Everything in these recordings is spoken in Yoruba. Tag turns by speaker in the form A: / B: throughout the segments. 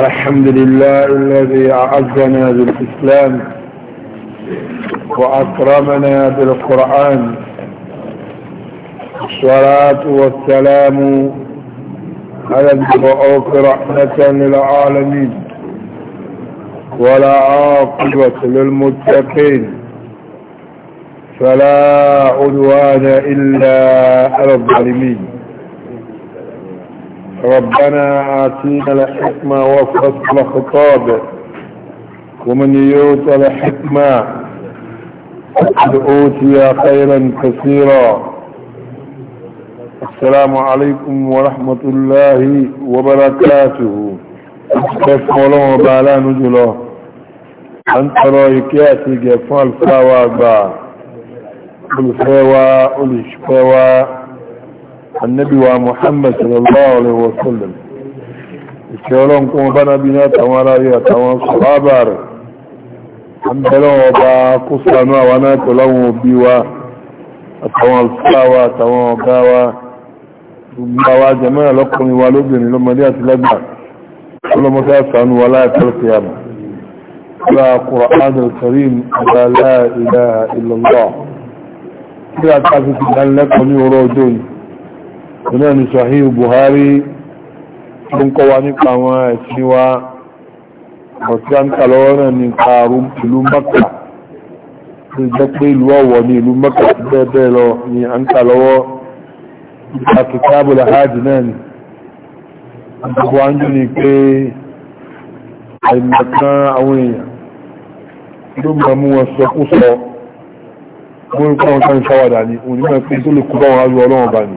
A: الحمد لله الذي أعزنا بالإسلام وأكرمنا بالقرآن الصلاة والسلام على المبعوث رحمة للعالمين ولا عاقبة للمتقين فلا عدوان إلا على الظالمين ربنا آتينا الحكمة وفصل خطابه ومن يوت الحكمة أوتي خيرا كثيرا السلام عليكم ورحمة الله وبركاته كيف مولانا بعلا نجله
B: أنت رأيك
A: يأتي جفال فاوى با الفاوى annabi wa muhammad sallallahu alaihi wasallam ìṣẹ́lọ́n kún bá nábi ní àtàwọn aráyé àtàwọn sọ̀rọ̀bà rẹ̀ àbẹ̀lọ́n ọba kó sànú àwọn náà pẹ̀lọ́wọ̀n òbí wa àtàwọn alfáwa àtàwọn ọ̀gá wa gbogbo àwa jẹ́mọ́rẹ̀ lọ́kùnrin wa lóbìnrin lọ́mọdé àti lágbà ọlọ́mọdé àsànú wa láìpẹ́ kìyàmù على قرآن الكريم على لا إله إلا الله إذا تعرف أن لك من iná ni sahih buhari tún kọwa nípa àwọn ẹ̀sìn wa ọ̀tí àǹkà lọ́wọ́ náà ní kààrùn ìlú mẹ́kà tó jẹ́ pé ìlú ọ̀wọ̀ ní ìlú mẹ́kà bẹ́ẹ̀bẹ́ẹ̀ lọ ní àǹkà lọ́wọ́ ìpàkìtàbùlà hajj náà ni gbogbo àjò ni pé àìmọ̀kan ni òun ní mọ̀ pé tó lè kú bá wọn á lọ ọlọ́wọ́n bá ni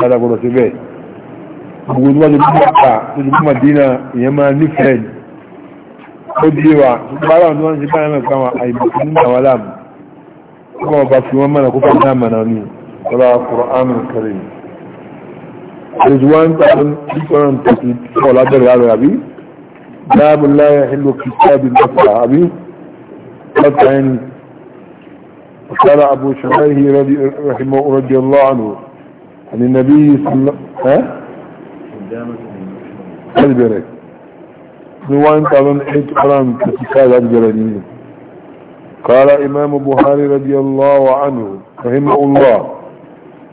A: dáadáa gbọdọ̀ sí bẹ́ẹ̀ gbogbo tó bá ti gbọ́ pa tó ti gbọ́ dínà ìyẹn máa nífẹ̀ẹ́ ni ó di wa bá láwọn tó wá ń ṣe báyìí mẹ́ta wọn àìbùkún nínú àwọn aláàmù ó bá wọn bá fi wọn mọ̀nà kó fẹ́ náà mọ̀nà ni ọlá Qur'an Karim is one thousand six hundred thirty four lábẹ́rẹ̀ àrẹ àbí dáàbù láyé ìlú kìtàbí mẹ́fà àbí ọ̀tà ẹni ọ̀sára Abu Shuraih radiallahu anhu عن النبي صلى الله عليه وسلم البرك نوان طبعا ايت قران كتفاد الجرانين قال امام بخاري رضي الله عنه رحمه الله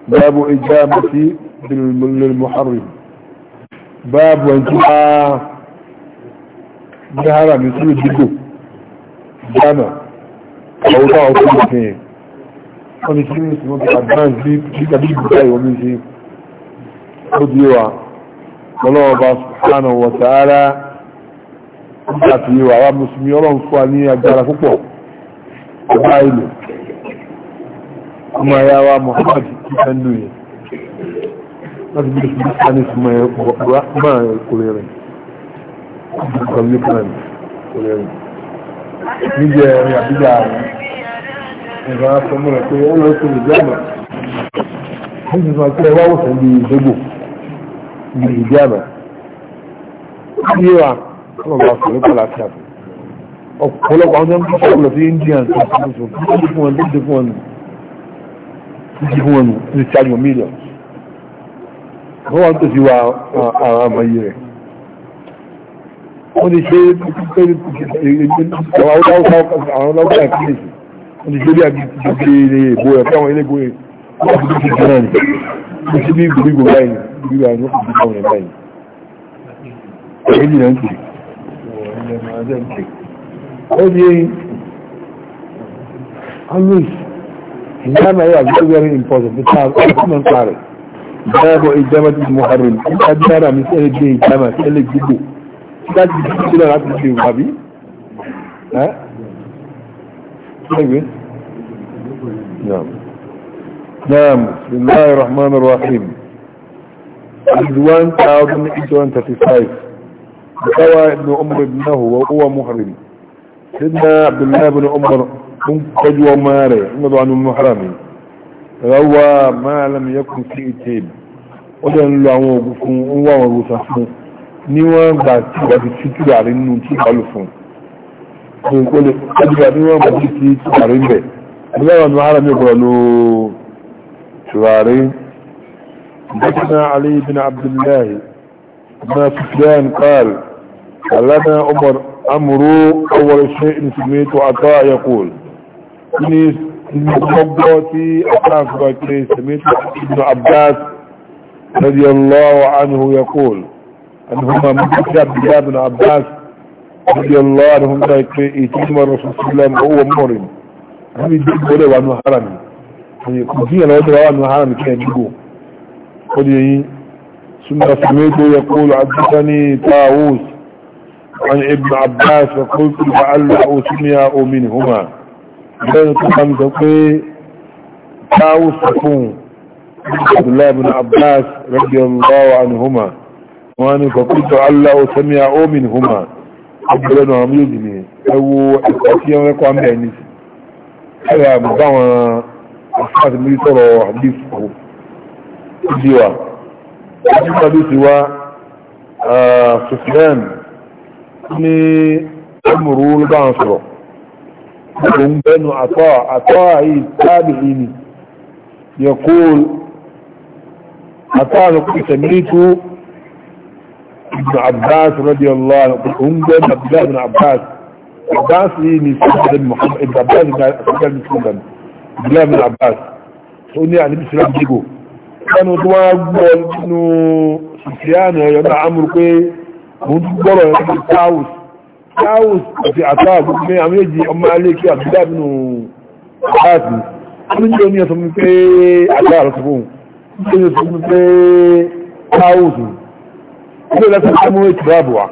A: باب اجابتي للمحرم باب وانتها بهرم يسلو الدكو جامع او ضعه wọ́n ti kí ní ìsìnkú ti advance bí tàbí ìgbà ìwọ̀n ní ṣe ó di wa ọlọ́wọ́ bá subhanahu wa ta'ala nígbà tí wa wá mùsùlùmí ọlọ́run fún wa ní agbára púpọ̀ ọba ìlú ọmọ ẹ̀yà wa Muhammad kí fẹ́ lù yẹn láti bí ìsìnkú ká ní ìsìnkú ẹ̀ máa kò lè rìn níjẹ́ ẹ̀rìn àbíjà rẹ̀ ẹ̀rọ aṣọ mọ́ra pé ó lọ sí ìjọ àmà ó sì sọ pé ẹwà òsàn bíi ìdógò bíi ìjọ àmà bí wà ọmọ bá sọ nípa láti àpò ọ̀pọ̀lọpọ̀ àwọn ọmọ tó lọ sí indian tó sọ fún wọn tó fún wọn tó fún wọn tó fún wọn tó ṣáájú wọn mílíọ̀n wọ́n wọ́n tó ti wà àwọn àmàyè rẹ̀ wọ́n ti ṣe àwọn ọlọ́gbà ìpínlẹ̀ nàìjíríà gbèdé èbó ẹ̀ fún àwọn ilé-ìgbò ẹ̀ wọ́n fi dúkìá jẹ́ náà ní kí sí bí gbogbo báyìí gbogbo àwọn ọkọ̀ tó kọ̀ rẹ̀ báyìí èyí náà ń pè ó di always ìyáàmà yà very very important ní káà ọkọ̀ mọ̀ ń parẹ̀ báyàbọ̀ ìjọba ti mọ̀ harin nípa dára mi sí ẹgbẹ́ ìjọba sí ẹlẹ́gbẹ̀gbò láti dúkìá láti ṣe wà bí طيب نعم نعم بسم الله الرحمن الرحيم عند 1835 بقوى ابن عمر ابنه وهو محرم سيدنا عبد الله بن عمر قدوة ماري انقضوا عن المحرم روى ما لم يكن في اتيب ọdún الله àwọn ògùn fún wọn wọ́n wọ́n wọ́n sá fún níwọ̀n gbà tí wọ́n ti ní ìpele ẹgbẹ́ ní wọ́n bọ̀ sí ti tùwárí ń bẹ̀ ẹgbẹ́ wọn máa rẹ̀ ní ọ̀pọ̀ ló tùwárí حدثنا علي بن عبد الله بن سفيان قال لنا عمر أمره أول شيء سميت عطاء يقول إني مقبوتي أتاكبتي سميت ابن عباس رضي الله عنه يقول أنهما مجد عبد الله بن عباس رضي الله عنهم ذلك إتيم الرسول صلى الله عليه وسلم هو مورد هم يدب ولا وانو حرمي يكون لو دوا وانو حرمي كان يجيبو قد ثم سميته يقول عبدتني طاووس عن ابن عباس فقلت لعله سمع منهما بين تقام تقي طاووس تكون عبد الله بن عباس رضي الله عنهما وانا فقلت لعله سمع منهما ọgbẹ̀rẹ̀ náà mú yóò ní ẹwọ ẹ̀kọ́ tí wọ́n rẹ́kọ́ mẹ́ ní sí ẹ̀rọ àbúgbà wọn àfáàtì mú sọ̀rọ̀ àdífò ìdíwà ìdíwà ló ti wá sùfìlẹ́n ní ẹmùrú ló bá ń sọ̀rọ̀ ó ń bẹnu àtọ́ àtọ́ àyè tábì ìní yẹ kó àtọ́ àlùkù ìtẹ̀mílítú ibn abbas radiyallahu anhu gbẹ́gbẹ́ abdullahi ibn abbas abbas yìí ni sọ́kọ̀dẹ̀ muhammad ibn abbas ibn abdullahi ibn abbas tó ní àníbi sílá jígo kánú tó wá gbọ́ nínú sùfìyàn ẹ̀yọ́ náà amúrú pé mo ń gbọ́rọ̀ ẹ̀ ní taus taus àti àtàwọn gbogbo àwọn èjì ọmọ aléèkí abdullahi ibn abbas ní ní oníyàn pé àtàwọn sọ ilé lọ́sẹ̀ tó mú ètò ààbò wa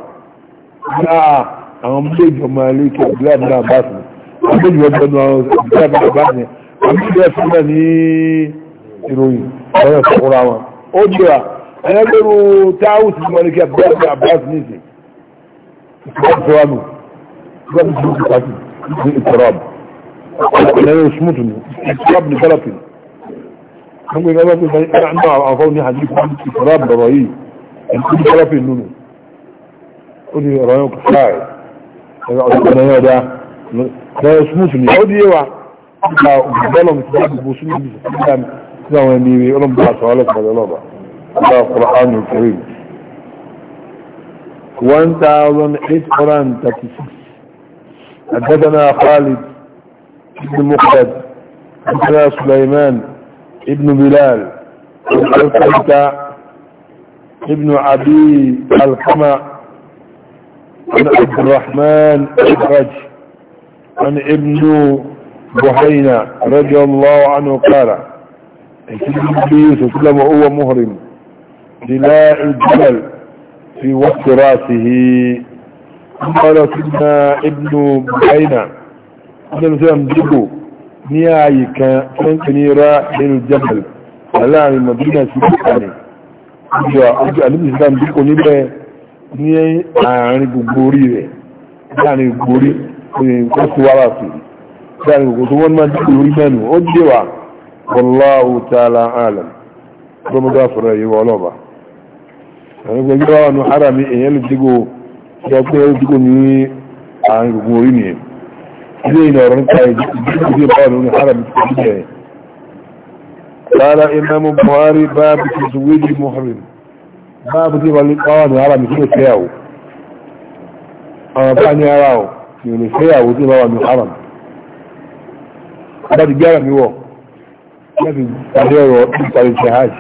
A: náà àwọn méjì ọmọ ilé ìkẹ́ ìbílẹ̀ àbúrò àbáṣe àbẹ́jì ọjọ́ ọdún àwọn ìbílẹ̀ àbúrò àbáṣe àbẹ́jì ẹ̀fọ́ náà ní ìròyìn ọ̀rọ̀ ìṣòkòrò àwọn ó jẹ́ à ẹgbẹ́rú táwù ti mọ̀ ní kí àbúrò àbáṣe ní ìsìn ìṣòkòrò àmì ìgbàgbọ́ ìṣòkòrò pàtì ní ìkọ̀rọ̀ àmì ọ̀pọ̀lọpọ̀ ìṣòkòrò ní ìṣòkòrò àmì ìṣòkòrò àmì انتم خلفي النونو قولي رايوك خاي اذا اصدنا يا دا لا يسموتني قولي ايوا لا اقبلهم اتباعك بوسوني بسكتان كذا وانيوي اولم بها سوالك بدا لابا الله القرآن الكريم 1836 أجدنا خالد ابن مقدد أجدنا سليمان ابن بلال
B: أجدنا
A: ابن عبي الحمى عن عبد الرحمن الرج عن ابن بحينا رضي الله عنه قال النبي صلى الله وهو مهرم للاع الجبل في وقت راسه قال سيدنا ابن بحينا قال مثلا بيقو نيايك تنكني راح الجبل على المدينة سيدنا ìjọ àjọ àlúbìsí náà bí kò ní bẹ́ẹ̀ ní àárín gbogbo orí rẹ̀ láàrin gbogbo orí nǹkan tó wá láti láàrin gbogbo tó wọ́n máa dìbò orí mẹ́nu ó dé wà wallahu ta'ala alam gbọmọdé àfọ̀rọ̀ yìí wọ́n lọ́ba àwọn gbogbo wa nù ara mi èèyàn lè dìgò ìjọ pé ó dìgò ní àárín gbogbo orí nìyẹn ilé ìnà ọ̀rọ̀ nípa ìdíje báwọn ní ara mi ti قال امام البخاري باب تزويج المحرم باب دي والقوان على مثل كياو انا بني اراو يقول كياو دي بابا محرم هذا جارة ميوه láti tàbí ọ̀rọ̀ ìpàdé jihaj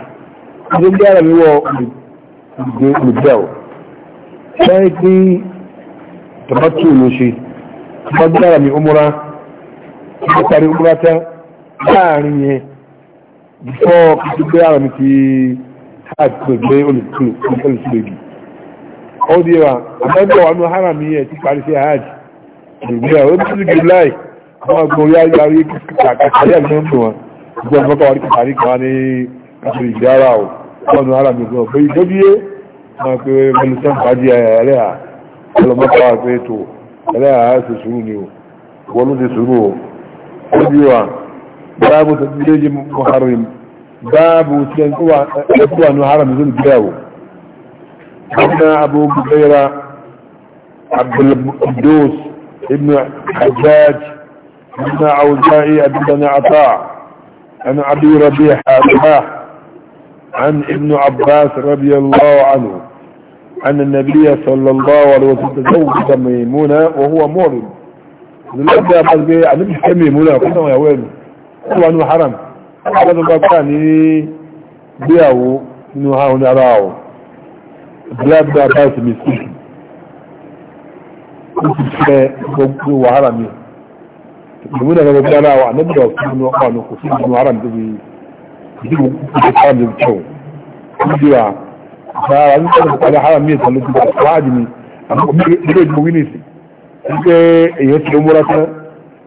A: ní bí ara wíwọ́ olùgbẹ́ọ̀ ṣáyé tí tàbátù ló ṣe tàbátù lára mi umura tàbátù umura tán láàrin yẹn before kìí pé ara mi ti hajj pé gbé olùsílẹ̀gì ó di ẹwà àbẹ́bẹ̀ wà ní hara mi ẹ̀ ti parí sí hajj ìgbéyà ó bí sí láì àwọn ọgbọ̀n orí ayélujára yìí kàkàrí àgbẹ̀ ń pè wọn ìgbẹ́ ọ̀fọ́kà wà ní kàkàrí kan ní kàkàrí ìgbéyàrá ò wọ́n ní hara mi gan pé ìjọbi yé máa pé mẹlẹsán fàájì ẹlẹ́à ọlọ́mọ́kà wà pé ètò ẹlẹ́à ṣe sùúrù ni ò wọ́n ló ṣe sùúrù ò ó di ẹwà babu tadbirji muharrim babu tankuwa tankuwa no haram zul gidawo abna abu bukaira abdul qudus ibn hajjaj ibn awza'i ibn ata عن ابي ربيح عن ابن عباس رضي الله عنه أن النبي صلى الله عليه وسلم تزوج ميمونة وهو مورد لقد أبقى أن يمشي ميمونة قلنا يا ويلي wà ní haram alábàbà ní gbéyàwó nínú ha ní ara ọ̀ ìgbéyàwó bá sì mi sí ó ti fẹ́ gbogbo wàhálà mi ìgbìmọ̀ náà gbogbo ara ọ̀ anábìyà ọ̀sán ní ọkọ̀ àná kò sí ìgbìmọ̀ haram mi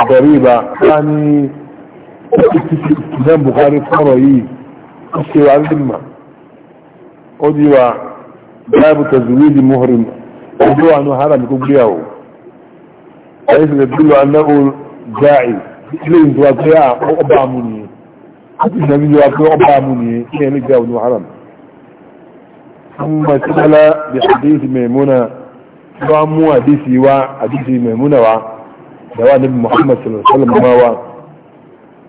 A: ضريبة يعني الإمام بخاري فرعي أشياء عن ذمة أدوى باب تزويد مهرم أدوى أنه هرم كبريه حيث يدل أنه داعي إليه توقيع أبع مني حتى النبي يوقيع أبع مني يعني جاء أنه هرم ثم سأل بحديث ميمونة وعمو حديثي وحديث ميمونة وعمو دواء نبي محمد صلى الله عليه وسلم ما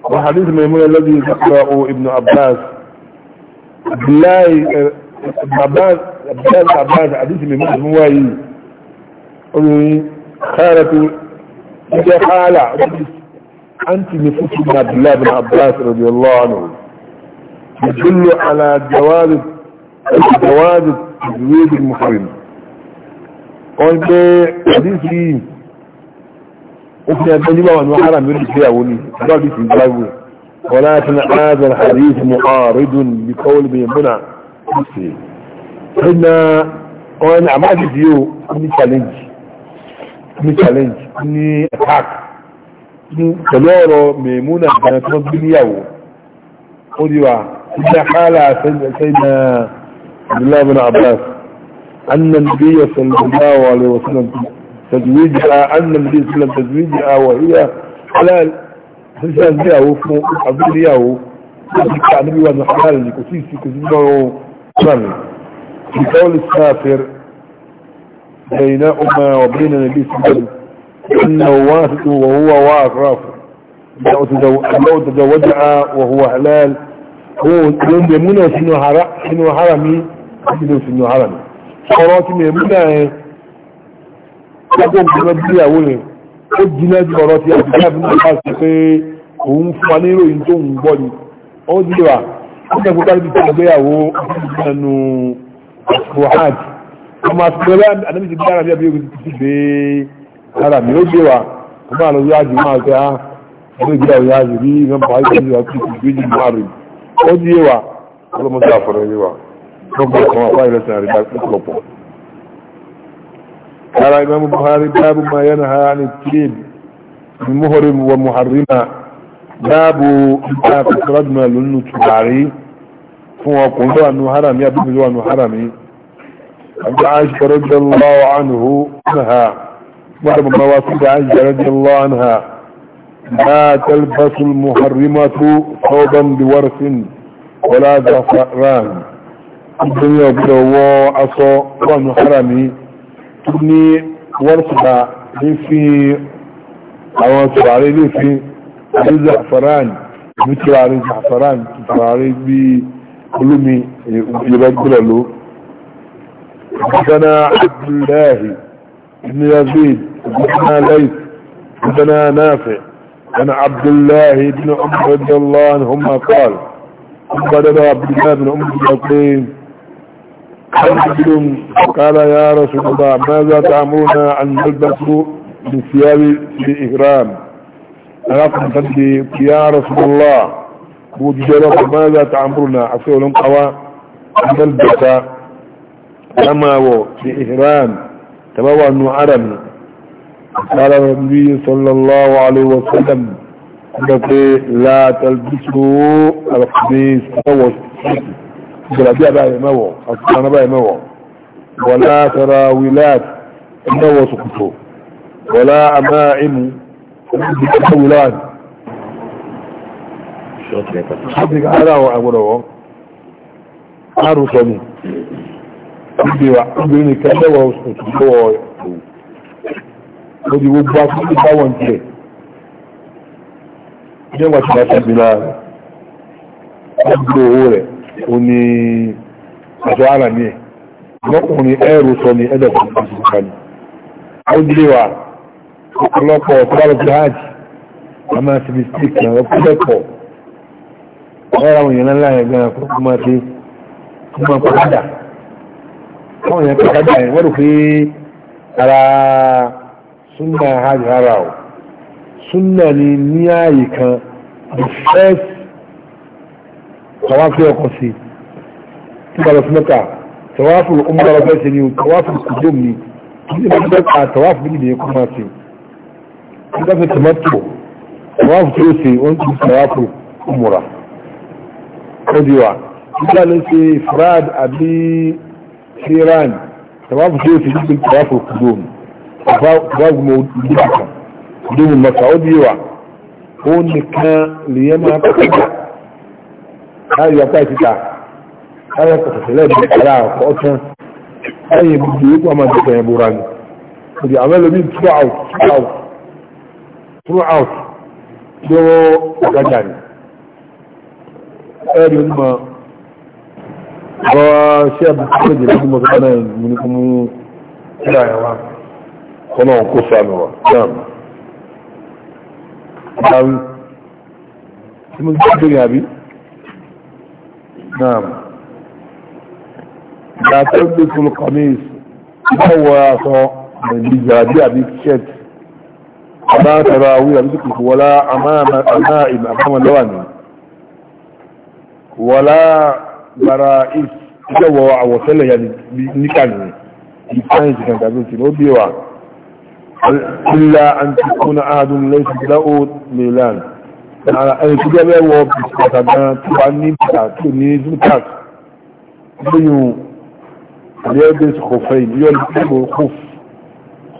A: وحديث ميمون الذي ذكره ابن عباس بالله ابن عباس ابن عباس حديث ميمون المواي خالة يا خالة أنت نفس ابن عبد الله بن عباس رضي الله عنه يدل على جواز جواز تزويد المحرم قلت حديث وفي أبنى ما أنه حرام يرد فيها ولي قال في الجاوة ولكن هذا الحديث معارض بقول بيمنع هنا وانا عمال فيو اني تشالنج اني تشالنج اني اتاك pẹ̀lú ọ̀rọ̀ mẹ̀múnà ìgbàna tó bí níyàwó ó díwá ìjẹ́ kálà sẹ́yìnà abdullahi bin abbas annan bíyà sallallahu alaihi wasallam تزويجها آه، أن النبي صلى الله عليه وسلم تزويجها آه، وهي حلال حسان ياهو حضور ياهو يسكى النبي وانا حلال لكسيسي كسيسي كسيسي بقول السافر بينهما وبين النبي صلى الله عليه وسلم أنه واثق وهو واثق لو تزوجها آه، وهو حلال هو يوم يمنى سنو حرمي سنو حرمي سنو حرمي صورات ميمنى ọjọ́ ìgbìmọ̀ bí ìyàwó yẹn ó jiná ju ọ̀rọ̀ ti àbúrò bí wọ́n bá sọ pé òun fún wa ní ìròyìn tó ń gbọ́ ni ó dì wá ó jẹ́ kókó níbi tó gbéyàwó nínú buhad ọmọ àtúntò àdébí ti dára bí abiyó ti gbé ara mi ó ah, gbé wa ọmọ àlọ́ yáàjì máa gbé ha ọdún ìgbéyàwó yáàjì bí ìgbà buhari ti wà kí ìgbé jù márùn ó dì wá ọlọ́mọdé àfọ̀rọ̀ yìí wa ọgbọ̀n kan àpá ìrẹsì àrídá púpọ̀ قال إمام البخاري باب ما ينهى عن التيب المهرم ومحرمة باب إنتا فكرتنا لأنه تبعري فهو قلت أنه حرمي أبقوا أنه حرمي عبد عائشة رضي الله عنه عنها مهرم مواسيد عائشة رضي الله عنها لا تلبس المحرمة صوبا بورث ولا زفران الدنيا بلوه أصو وأنه حرمي tó ní wọ́rùsùgbà àwọn tùràrí lè àrí zafaran ní tùràrí zafaran tùràrí bí olómi حدثنا عبد الله بن يزيد حدثنا ليث حدثنا نافع عن عبد الله بن عمر رضي الله عنهما قال قال عبد الله بن عمر يقول قال يا رسول الله ماذا تأمرنا أن نلبس من ثياب الإكرام أنا تدري يا رسول الله وجرب ماذا تأمرنا لهم قوى أن نلبس كما هو في إهرام تبوى أنه عرم قال النبي صلى الله عليه وسلم لا تلبسوا القميص أو الخبيث جلابيه باي مو اصلا باي مو ولا تراويلات مو سكتو ولا امائم بتحولان حدك على وعبره عرفني أبدي وعبرني كذا وسكتو ودي وباكي باوان كيه جمعة شباب بلاد أبدو هو ó ní aṣọ ara ní ẹ̀ lọ́kùnrin ẹ̀rù sọ ní ẹ̀dọ̀kùn ìgbà ni ó dílé wa ọ̀pọ̀lọpọ̀ ọ̀pọ̀lọpọ̀ hajj a máa ti fi stick náà ọ̀pọ̀lọpọ̀ ọ̀rọ̀ àwọn èèyàn ńlá yẹn gan-an kó máa fi kó máa pàdà àwọn ni ààyè kan the first tawafin ọkọ̀ sí tí bá lọ sí mẹ́ta tawafin umar ọgbẹ́ sí ni o tawafin kudum ni kí ni bá mẹ́ta tawafin bí nìyẹn kọ́má sí kí bá fi tomato tawafin tí ó sì wọ́n ti tawafin umura ó di wa kí bá lọ sí farad àbí siran tawafin tí ó sì nígbà tawafin kudum tawafin mo dìbò kan kudum mẹ́ta ó di wa ó nìkan lè yẹ máa kọ́kọ́ láì yọpá ìtìta láì yọpá ìtìlẹ̀ ìdí ara ọ̀pọ̀ ọ̀tún láì yẹ gbogbo ikú ọmọ ìdíkọ̀ yẹn bóra ni òdì àwọn ẹlòmí out throughout throughout lọ́wọ́ ọ̀gájà ni ẹ̀rí onímọ̀ àwọn ṣẹ́ àbúkọ́ ìjẹ̀lẹ̀ onímọ̀ tó náà mú ní kúmú kíra ẹ̀ wá kọ́nà kó sànù wà dáàmù. Tí mo gbé àbí نعم لا تلبس القميص هو بجابي أبي الشت لا تراوي أبيك ولا أمام أمائم أمام اللوان ولا برائس جو وصل يعني نكان نكان كان تقول كده بيوا إلا أن تكون أحد ليس له ميلان ara ẹni tó jẹ́ wọ bàtà gan tó bá ní bàtà tó ní zutak lóyún àríẹ́dẹ́ kòfẹ́ yọ lóko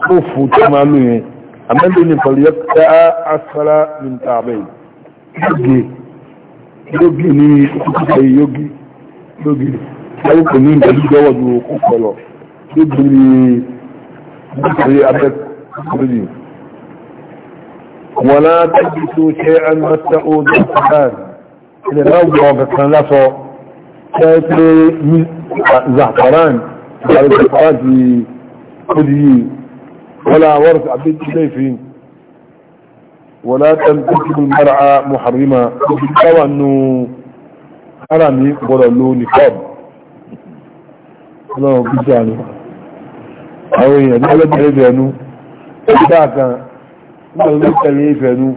A: kófù tó máa lò yẹn àmẹ́lò ní pẹ̀lú yẹ́pẹ́ ah, asára ní tààbẹ̀ yógi yógi ولا تلبسوا شيئا مسعوا بالقرآن إذا لا وقتنا لصو شايفي زعفران
B: على الزعفران
A: في خدي ولا ورث عبد الشيفين ولا تنتكب المرأة محرمة وبالتوى أنه حرامي قولوا نقاب الله بجانب أوي هذا الذي يبينه يعني. ذاك nígbàtí ó tẹ̀lé ìfẹ̀nu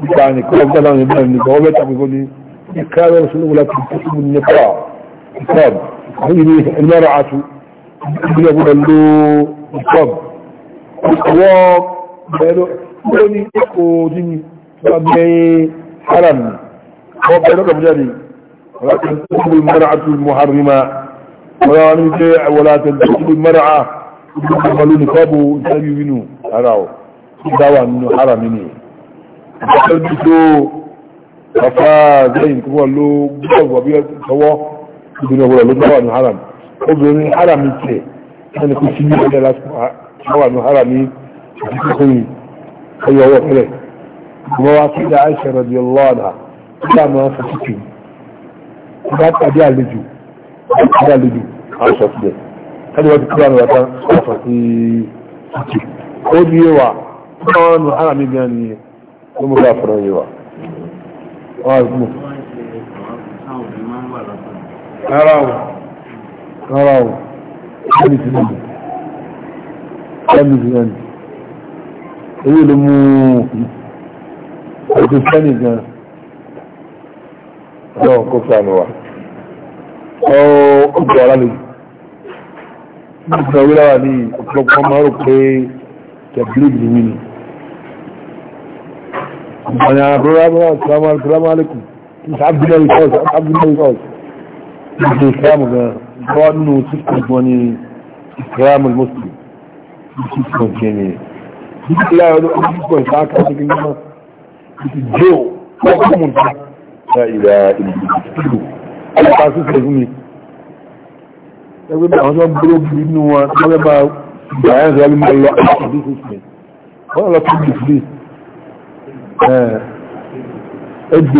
A: nípa nìkan ọgbọ́n láwọn ìbọn nìkan ọgbẹ́ tàbíkọ́ ní ìkárọ̀ sínú láti tẹ́sùmù nípa ìkọ́m àwọn ìlú ìmọ̀ràn àtú ìbílẹ̀ gbọ́dọ̀ ló ìkọ́m ọwọ́ bẹ̀rẹ̀ ó ní ẹ̀kọ́ ní ọgbẹ́ haram ọwọ́ bẹ̀rẹ̀ ọgbẹ́ jáde ولا تنتسب المرأة المحرمة ولا ولا تنتسب المرأة يقبلون نقابه يسمي منه أراه dáwà nínú ara mi ni
B: ìjọba bí tó
A: ọ̀fà zẹ́yìn tó wọ́n ló gbọ́gbọ́ bí ọwọ́ ìbìnrin ọgbọ̀rọ̀ ló dáwà nínú ara mi obìnrin ara mi tẹ̀ ẹni kò sí ní ọjọ́ lásìkò dáwà nínú ara mi ìdíkọ̀kọ̀yìn ọyọ ọwọ́ tẹ́lẹ̀ ọmọ wa kí ní àìṣẹ rẹ̀dí ọlọ́ọ̀dà tí a máa ẹwà ọ̀nà ara mi gan ni ló mú bá fọ́rọ̀ yìí wà ọ̀gbùn ara ọ̀ ara ọ̀ ẹni tí náà ẹni tí náà èyí ló mú ọdún sẹ́ni gan náà kó sànù wà ọ́ ọ̀gbùn ara lè ní ìgbà wíláwà ní ọ̀pọ̀lọpọ̀ máa rò pé tẹ̀blé ìgbìmí ni أنا أبرر السلام عليكم السلام عليكم مش عبد الله يتوز عبد الله يتوز مش إسلام قانون وسكت واني إسلام المسلم مش إسلام لا يقول إسلام كلمة جو حكم لا إله إلا الله أنا تعرفوا كلمة أقول أنا بروح بينه وأنا بقى بعين غالي ما الله أحد يسمع ولا تقول لي ادس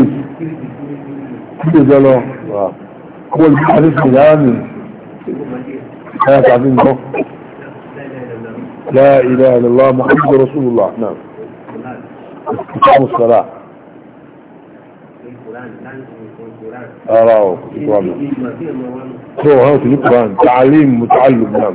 A: كده لو هو المحرس الآمن
B: الان
A: احنا قاعدين لا اله الا الله محمد رسول الله نعم
B: استقام الصلاة أراه القرآن هو هو في القرآن
A: تعليم متعلم نعم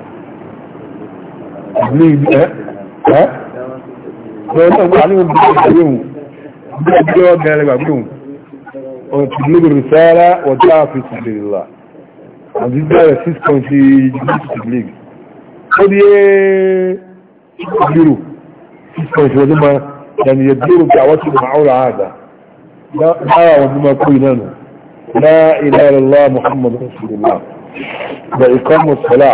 A: ní ibi ẹ́ ẹ́ lọ́wọ́ gbà ní ọdún ìgbàgbé òun bí ọdún ọdún ẹgbàgbé òun ọ̀nà tí ní gbèrè sáárá ọjọ́ àfihàn ìbèrè là àti bẹ̀rẹ̀ 6.8 juventus league ó di euro 6.8 ọdún máa yàní yẹ dúró bí àwọn tí ó máa ọ̀rọ̀ àádá lára àwọn ọdún máa kó iná nù láà ilẹ̀ ìlọ́ muhammadu rasulullah
B: da ikọ́ mọ̀sálà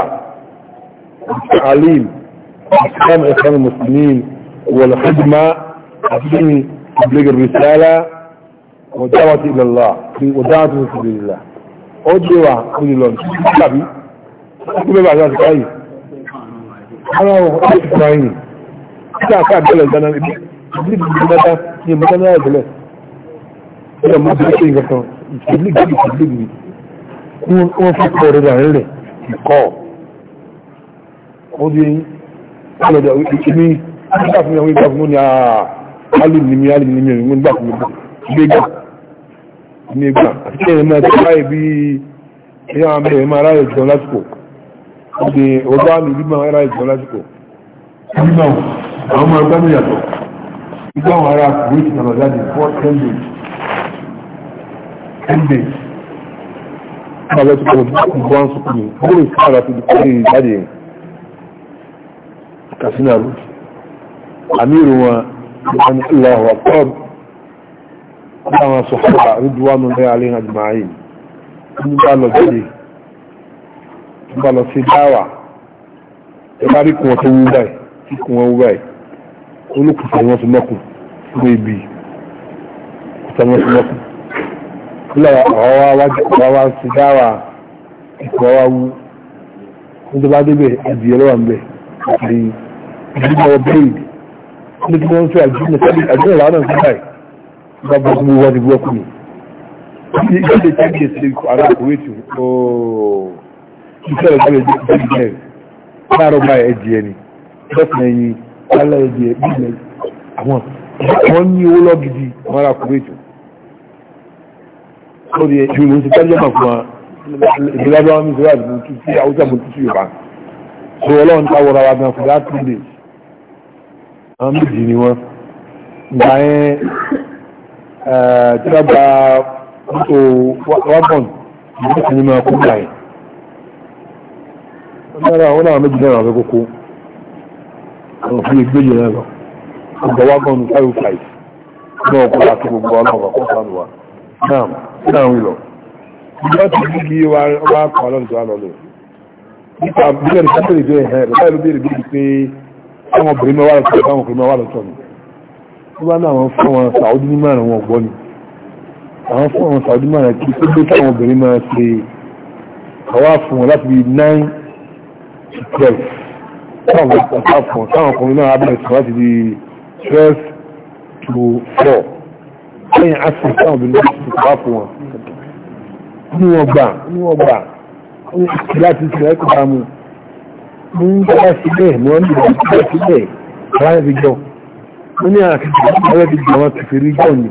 A: التعليم احكام اخوان المسلمين والخدمة عشان تبليغ الرسالة ودعوة الى الله ودعوة الى سبيل الله ادعوا قولي لهم شعبي اقول بعد ذلك اي انا وحيث اسماعيني لا كعب بلد انا ابليد بلدنا هي مدنا يا بلد
B: هي مدرسين قصر
A: تبليغ تبليغ wọn fún ọ̀rẹ́dà rẹ̀ kọ́ ó di ọlọ́dọ̀ ìkíní nígbà fún àwọn ìgbà fún ní àálù ah, ní mi àálù ní mi ìwọ̀n nígbà fún gbégbà nígbà àti kí ẹ̀rọ ti ráyè bí ẹ̀yà àwọn ẹ̀rọ máa ráyè jùlọ lásìkò ọdẹ ọgbà ní ìlú máa ráyè jùlọ lásìkò. nígbà àwọn ọmọ ẹgbẹ́ mi yàtọ̀ nígbà àwọn ará kùwé ti tàbí jáde for ten days 10 days. Àwọn ọmọ ẹgbẹ́ mi yàtọ̀ nígbà àwọn ará kùwé ti tàbí jáde Katsina road amiru wọn ìwọ̀n ìlàwọ̀ àkọ́ọ̀bù láwọn sọ̀fọ́wà ríduwánu lẹ́yà lẹ́yìn àjùmáyé ní bá lọ sí bá lọ sí dáwà ẹbá rí kún ọ̀tọ̀ wúbà ẹ̀ tí kún wọn wúbà ẹ̀ olùkùsà wọn sí ibi kùsà ìdílé wọn bẹ́ẹ̀d ní kí wọ́n fẹ́ àjùmọ̀ sábì àjùmọ̀ làánà sí báyìí bá bọ́ sí wọ́n ti wọ́n kú mi. ìgbésẹ̀ tí a ti ṣe ara àkúrẹ́ tù ooo ìṣẹ́ rẹ̀ gbọ́dọ̀ jẹ́ ìṣẹ́ láàárọ̀ bá ẹ̀ jẹ́ ni bẹ́ẹ̀ ẹ̀yìn alẹ́ ẹ̀ jẹ́ bílẹ̀ àwọn wọ́n ní owó lọ́gidi wọn ara àkúrẹ́ tù.
B: ó di ẹ̀jú ló ń ṣe tẹ́lẹ̀ mọ̀ fún wa
A: ìgbélábáwá mi sọ́wọ́ àdìmọ̀ tí àwùjọ mọ̀ àwọn méjì ni wọ́n gbà yẹn eh, tí wọ́n gba mọ́tò wagon ìlú kan ní máa kó gbà yẹn wọ́n náà wọ́n náà méjì náà wọ́n kókó àwọn fún ìgbéjì náà lọ ọgbà wagon five oh five náà kó láti gbogbo ọlọ́ọ̀bà kó sánú wa náà náà wí lọ ìjọ ti bí bí wa kọ́ ọlọ́ọ̀dọ́ àlọ́lẹ̀ nípa bí ẹ̀rí sábẹ̀rẹ̀ bẹ́ẹ̀ hẹ́ẹ̀ bẹ́ẹ̀ ló bẹ̀rẹ̀ bí pé àwọn obìnrin mẹ́wàá lọ́tọ̀ àwọn obìnrin mẹ́wàá lọ́tọ̀ ni tí wọ́n náà wọ́n fún wọn sàúdí ní márùn wọn gbọ́ ni àwọn fún wọn sàúdí márùn kí tó gbé táwọn obìnrin máa ṣe àwa fún wọn láti bí nine to twelve táwọn ọ̀sán fún wọn táwọn ọkùnrin náà abẹ́rẹ́ sọ láti bí twelve to four lẹ́yìn asin táwọn obìnrin náà ti kọ́ fún wọn. ní wọn gbà ní wọn gbà láti ṣe ẹ̀kọ́ bá mu mú bá sílẹ̀ mọ́ ní ìgbà sílẹ̀ aláìbíjọ́ ó ní àkàtà aláìbíjọ́ àwọn kìfìrí jọ ni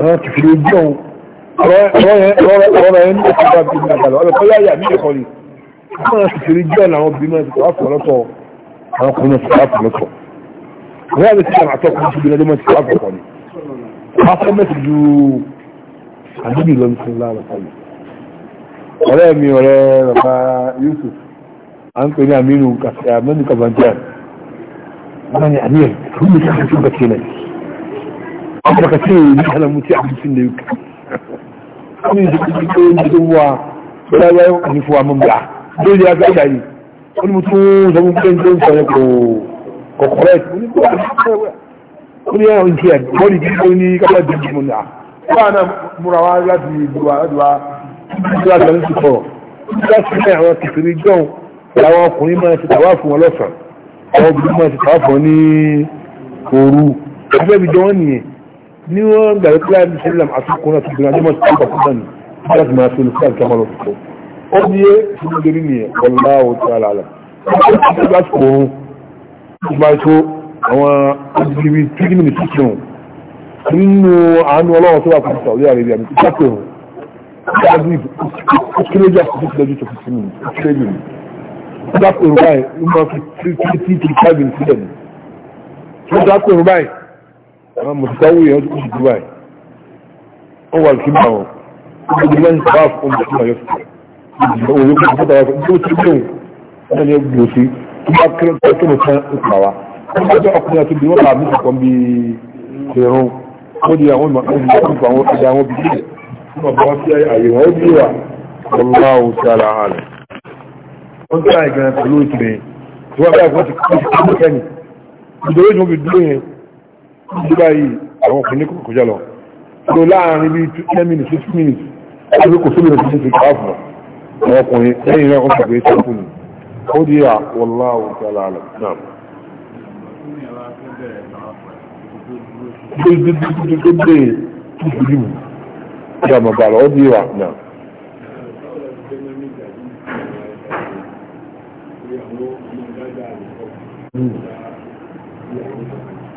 A: àwọn kìfìrí jọ ọ̀rọ̀ ní àwọn kìfìrí àwọn ọ̀rẹ́ mi ọ̀rẹ́ bàbá Yusuf à ń pè ní aminu aminu kabanjan wani amir tun da shi ba ke nan amma ka ce ni hana mutu abincin da yake amin da kuma koyon gudunwa ya ya yi wani fuwa mun ba dole ya gaida ne wani mutum zama kudin don sa ya ko kokoret wani ko wani yana wani tiyar wani biyu wani kafar da jimun na ba na murawa láti duwa duwa duwa da su kọ láti kai àwọn kìfìrí jọun àwọn ọkùnrin máa ti tàwà fún wọn lọ́sàn àwọn obìnrin máa ti tàwà fún wọn ní òru afẹ́bi jọ wọ́n nìyẹn ní wọ́n gbà wípé láì ṣe làm àtúnkùn àti ìgbìmọ̀ àjọmọ̀ ti tàwà fún dání láti máa ṣe olùkọ́ àti ọmọlọ tuntun ó ní yé fún ìgbérí nìyẹn wọlá òtú àlàlà láti kò oorun tó bá tó àwọn ìgbìmọ̀ twenty minutes tó ṣe nínú àánú tó wà fún Saudi ní sápẹ̀ òun ó kéré jà tó fi sí mi ó dákòrò báyìí ń bọ́ fi tí tí káàbì sílẹ̀ ní tó dákòrò báyìí àwọn mùsùlùmí yẹn ó ti báyìí ó wà kí bá wọn ó ti gbọ́n bá fún mi sílẹ̀ yọ̀sùn ìjìnlẹ̀ òwe kò tó tàwa tó ti dùn wọn ni gbò sí tó bá kéré tó tó nìkan ìpà wa ó bá jẹ́ ọkùnrin àti obìnrin wọn bá mi sọ̀kan bí ìrún ó di àwọn ìmọ̀ àwọn ìmọ̀ àwọn ìdá àwọn bìbí rẹ̀ fún ọ̀bọ̀ wọn sí àyè wọn ó bí wà ọlọ́run sára àlẹ́ wọ́n tẹ́ àìgbẹ̀rẹ̀ pẹ̀lú ìkìlẹ̀ tí wọ́n bá wọ́n ti kọ́ ìkìlẹ̀ kẹ́ni ìdòwò ìjọba ìdúró yẹn ìjọba yìí àwọn ọkùnrin kò kọjá lọ lọ láàrin bíi ten minutes fifteen minutes ẹni kò sóbì lọ́sí ti kọ́ àfọ̀
B: àwọn ọkùnrin lẹ́yìn náà wọ́n sàgbé sí
A: fún mi ó di àwọlá òkè alàlẹ̀ náà. Gbogbo gbogbo gbogbo yẹn kí ìdílé mu kí a máa bá a lọ ó di wa náà.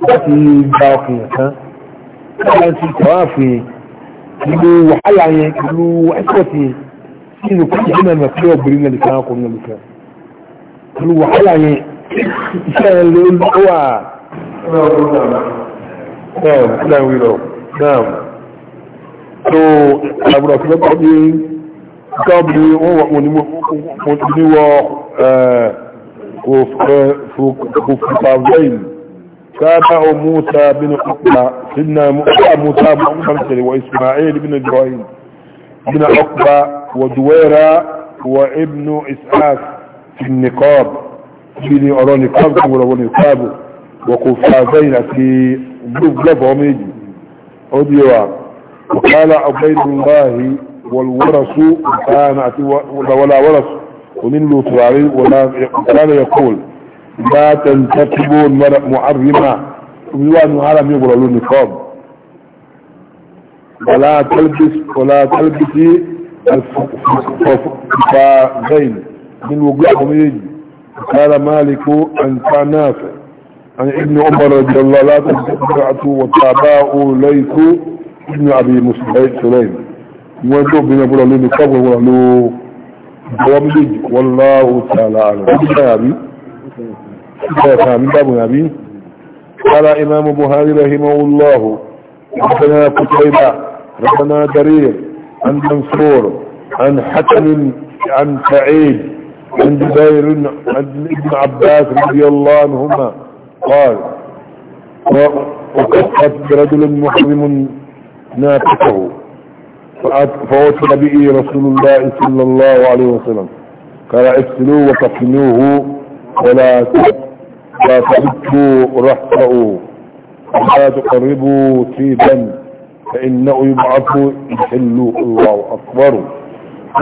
A: láti gba ọkùnrin kan láti ti tọ́wọ́ àfihàn ìlú wàhálà yẹn ìlú ẹ́sọ̀tì sí ìlú kọ́kì nínú ẹ̀mọ̀ pé ọ̀gbìn náà nìkan kò nílùú kan ìlú wàhálà yẹn iṣẹ́ yẹn ló lọ́wọ́ náà náà wí lọ náà tó àbúrò tó lọ́kọ́ bí gọ́ọ̀bù wọ́n wọ́n ní wọ́n ní wọ́n kò fún fún fún fún fún تابع موسى بن عقبة سيدنا موسى بن وإسماعيل بن إبراهيم بن عقبة ودويرة وابن إسحاق في النقاب بن أراني قابه وقفازين في بلوغ عميدي أديوا وقال عبيد الله والورس كان ولا ورس ومن له ولا كان يقول لا تنتكبون معرمة ويوان عالم يقول له نقاب ولا تلبس ولا تلبسي الفقفاغين من وقعهم يجي قال مالك عن نافع عن ابن عمر رضي الله لا تنتكبعته وطاباء ليس ابن ابي مسلم سليم ويجب بنا يقول له نقاب ويقول له والله تعالى على اعلم من باب نبي قال إمام بهاري رحمه الله ربنا كتيبة ربنا درير عن منصور عن حكم عن سعيد عن جبير عن ابن عباس رضي الله عنهما قال وقفت برجل محرم ناقته فوصل به رسول الله صلى الله عليه وسلم قال اغسلوه وكفنوه ولا تقنوه لا تحبوا رحمه ولا تقربوا تيبا فإنه يبعثوا يحل الله اكبر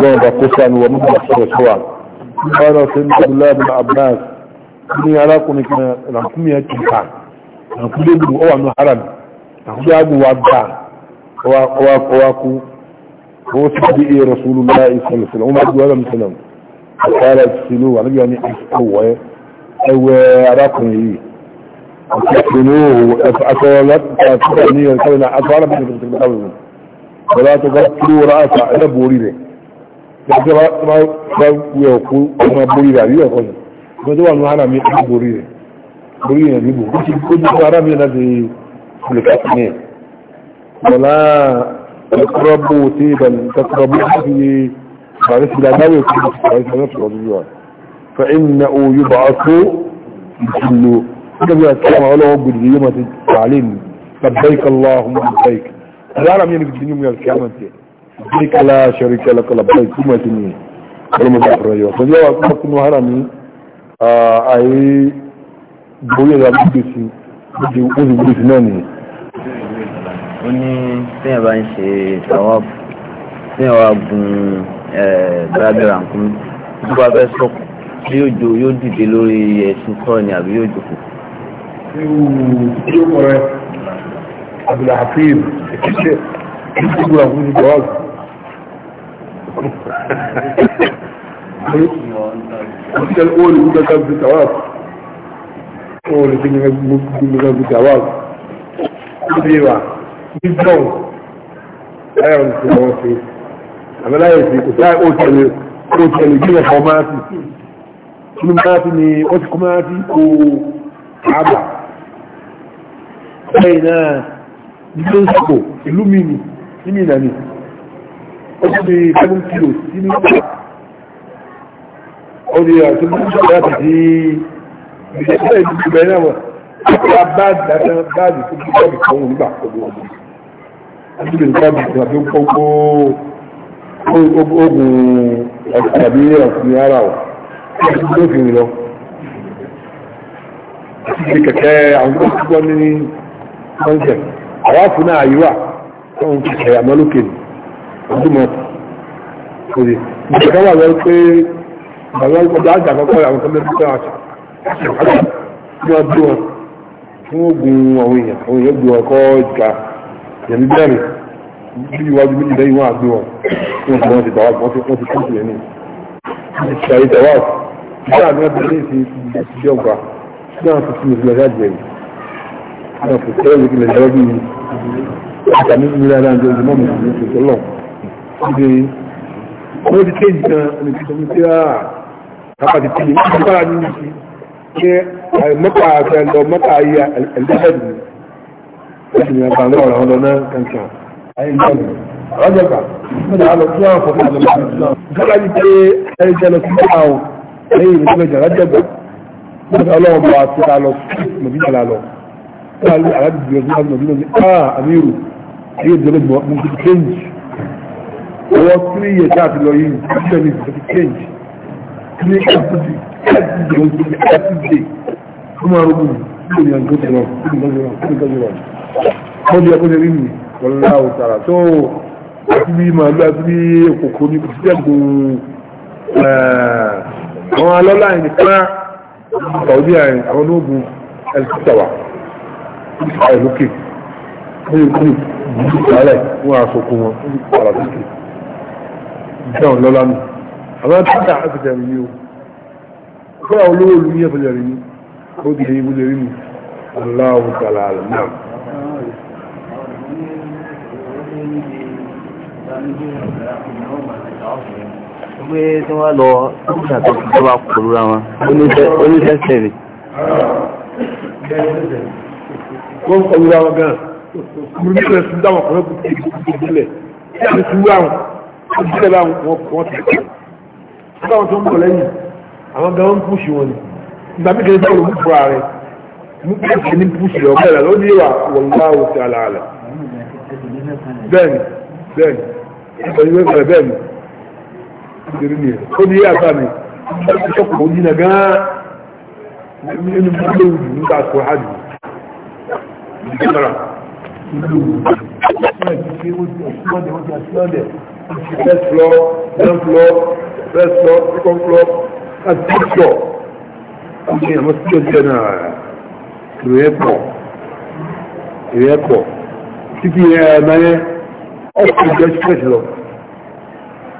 A: جانب قصا ومدى رسوعا قال سيدنا عبد الله بن عباس اني علاقه نكنا نحكمي يا الحال نحكمي ابن اوعى من الحرام نحكمي ابو وعبدا قواكو قواكو هو سبدئي إيه رسول الله صلى الله عليه وسلم وما عبد الله بن سلم قال اغسلوا يعني اسقوه ẹwẹ́ arákùnrin yìí أتكفنوه أتولد أتكفني الكلمة أتولد من الكلمة ولا تغطلوا رأس على بوريده يجب أن يقول ما بوريده يقول ما دوا أنه أنا ميقع بوريده بوريده يجب كنت كنت أرامي نفسي لكأسنين ولا تقربوا تيبا تقربوا في فارس لا نوي كنت فارس نفسه فإنه يبعث كله كما كما له باليوم التعليم لبيك اللهم لبيك لا رم يعني بالدنيا من القيامة لبيك لا شريك لك لبيك كما تني كما ذكر يا فجوا كنا هرمي اي بويا لا بيسي بدي اوزي بدي ناني oni tí ẹ bá ń ṣe tàwọn tí ẹ wá gun ẹ bírábìrà nǹkan tó bá fẹ́ sọ̀kù yóò jò yóò dìde lórí ẹ̀sùn kan ni àbí yóò jòkó. yóò kọrẹ abdulhafiz ìṣe ìṣègùn àbúrò jọwọ. Ọ̀sẹ̀ olè ń gbẹ́gbẹ́ bí tàwáàf. Olè ti gbẹ́gbẹ́ bí tàwáàf. Ó di wa, bí John, ayọ̀ ń sọ̀rọ̀ sí. Àmì láyé sí, kò sáà ó tẹ̀lé, ó tẹ̀lé bí wọ́n fọ́ máa sí. inú mọ́tí ni ó ti kọ́ máa tí kò àbà ẹ̀yìn náà nílé ìsìnkò ìlú mìíní nínú ìlànà ó ti di 7 kilos nínú ìgbà ó di àti mú ìṣẹ́ láti di ìṣẹ́ ìdíjẹ́ náà wọ́n á báàdì láti báàdì tó bí bọ́ọ̀dì kan wọn nígbà pẹ̀lú ọdún àti lè bá bìtì àti ó kọ́kọ́ ogun àti àbí ẹ̀rọ fún yàrá wọn lófin lọ ti kẹ̀kẹ́ àwọn tó gbọ́ ní ọ̀nṣẹ̀ àwáfù náà àyíwá tó ń kẹ̀kẹ́ àmọ́lókè ọdúnmọ̀ òde ìjọba wà lọ pé bàbá ọjọ́ àjà àkọ́kọ́ àwọn tó mẹ́fẹ́ tó àṣà ní ọdún wọn fún ogun àwọn èèyàn àwọn èèyàn gbé ọkọ̀ ìjà yẹ̀mí bẹ́ẹ̀rẹ̀ bí iwájú méjì lẹ́yìn wọn àgbé wọn wọn ti wọn ti tàwa wọn ti kú sílẹ̀ ní ìṣàyẹ̀tẹ̀wà ìjọba mi ọdún ní ìsìn ìjọba náà fi sinmi sílẹ̀ lájẹ̀ yìí náà fi sẹ́yìn ní ìpínlẹ̀ lọ́wọ́ bíi àtàmì ìlú rárá ń jọjú mọ́mí ìlú ìṣòṣọ́ lọ. Ṣé wọ́n ti tẹ́jì kan ní ti sọmí sí àá kápá ti tẹ́jì ní ìpínlẹ̀ ní ìṣí ṣé mọ́tà àfẹ́ lọ mọ́tà ayé ẹ̀lẹ́dẹ́gbẹ̀dì ni. Wọ́n ti yàn kàn lọ́wọ́ ọ̀rọ̀ náà kankan. Ayé ń jọ̀bù. Ọjọ́ kan, mọ́tà àlọ́ lẹ́yìn ìlú mẹ́jọ alájẹgbà nígbà ọlọ́run bá ti ta lọ mọ̀bíjà la lọ tí a lè alájẹgbà ní àwọn mọ̀bíjà ní ah amiru ayé ìdílé mọ̀ mo ti change owó three years tá a ti lọ yìí ìdílé mi ti change ní ẹ̀ẹ́dì ẹ̀ẹ́dì ẹ̀ẹ́dì ẹ̀ẹ́dì fún ma rúgbìn kí ni àgbẹ̀ ti lọ kí ni gbọ́dọ̀ kí àwọn alọ́lá yìí nìkan saudi àyìn àwọn ológun ẹlẹ́tàwà ẹ̀lókè ní ìlú ìlú ìsàlẹ̀ fún àsokò wọn ní ìpàlà lókè ìjọ lọ́lá nù àwọn títà àfẹ́tẹ̀ rí ní o fún àwọn olówó olú yẹ́ fẹ́lẹ̀ rí ní ó di ẹ̀yìn wúlẹ̀ rí ní aláwọ̀ tààlà rẹ̀ náà
B: Thank you.
A: pé tí wọ́n lọ nígbà tó fi jọba pẹ̀lú ra wọn oníṣẹ́ṣẹ́ rẹ̀. wọ́n pẹ̀lú ra wọn gan-an mo ní ìrẹsì dáwọn kan lọ́kùn tí ìgbésí ìbílẹ̀ ní ìṣúra wọn ó jílẹ̀ láwọn wọ́n ti kọ́ ọ́ tó ń bọ̀ lẹ́yìn àwọn gan-an ń pùṣì wọn ni ìgbà mí kẹ́lẹ́ bọ́ọ̀lù mú fúra rẹ̀ mú pùṣì ní pùṣì rẹ̀ ọ̀bẹ̀rẹ̀ ló ní ìwà wọ̀lúwàwò ti àlàálẹ̀ bẹ́ẹ̀ni bẹ́ẹ̀ni ìdírí ni ẹ̀ ó ní àgbà mi láti sọ́kùn ó yínà gan-an nínú ilé ìlú nígbà tó há jù ìjọba ilé ìlú ìjọba ìjọba ìjọba first floor second floor first floor second floor and third floor ní àwọn síjọ́ jẹ́ náà rẹ̀ pọ̀ rẹ̀ pọ̀ títí ẹ̀ mẹ́rin ọ̀pọ̀ ìjọ stress lọ.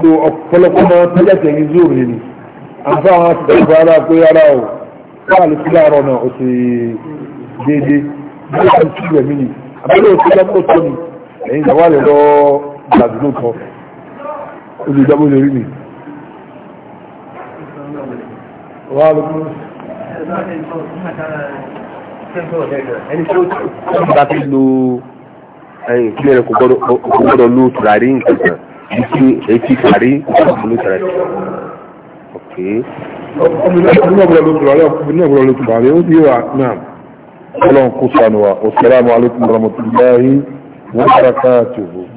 A: so ọ̀pọ̀lọpọ̀ máa tẹ́lẹ̀ tẹ̀yìn zoro yìí ni àǹfààní àti ìgbà ara pé ara o wà lè fi láàárọ̀ náà ó ti déédéé bí wọ́n ti tún rẹ̀ mí ni àbúrò tó lọ́pọ̀ tó ni
B: ẹ̀yin ìgbàwá rẹ̀ lọ
A: gbàdú ló tọ́ olùdámọ́ lórí mi. wàá lọ bí
B: ẹni tó bá
A: fi lo ẹ̀yìn kílẹ̀ rẹ̀ kò gbọ́dọ̀ lo tùràrí nǹkan kan etí etí kárí olú tẹrẹ. ok. ọmọ náà gbọ́dọ̀ ló tura rẹ ọmọ náà gbọ́dọ̀ ló tura rẹ ó di wa náà. ọlọ́run kó sanu wa asalaamualeykum warahmatulahi wabarakatuhu.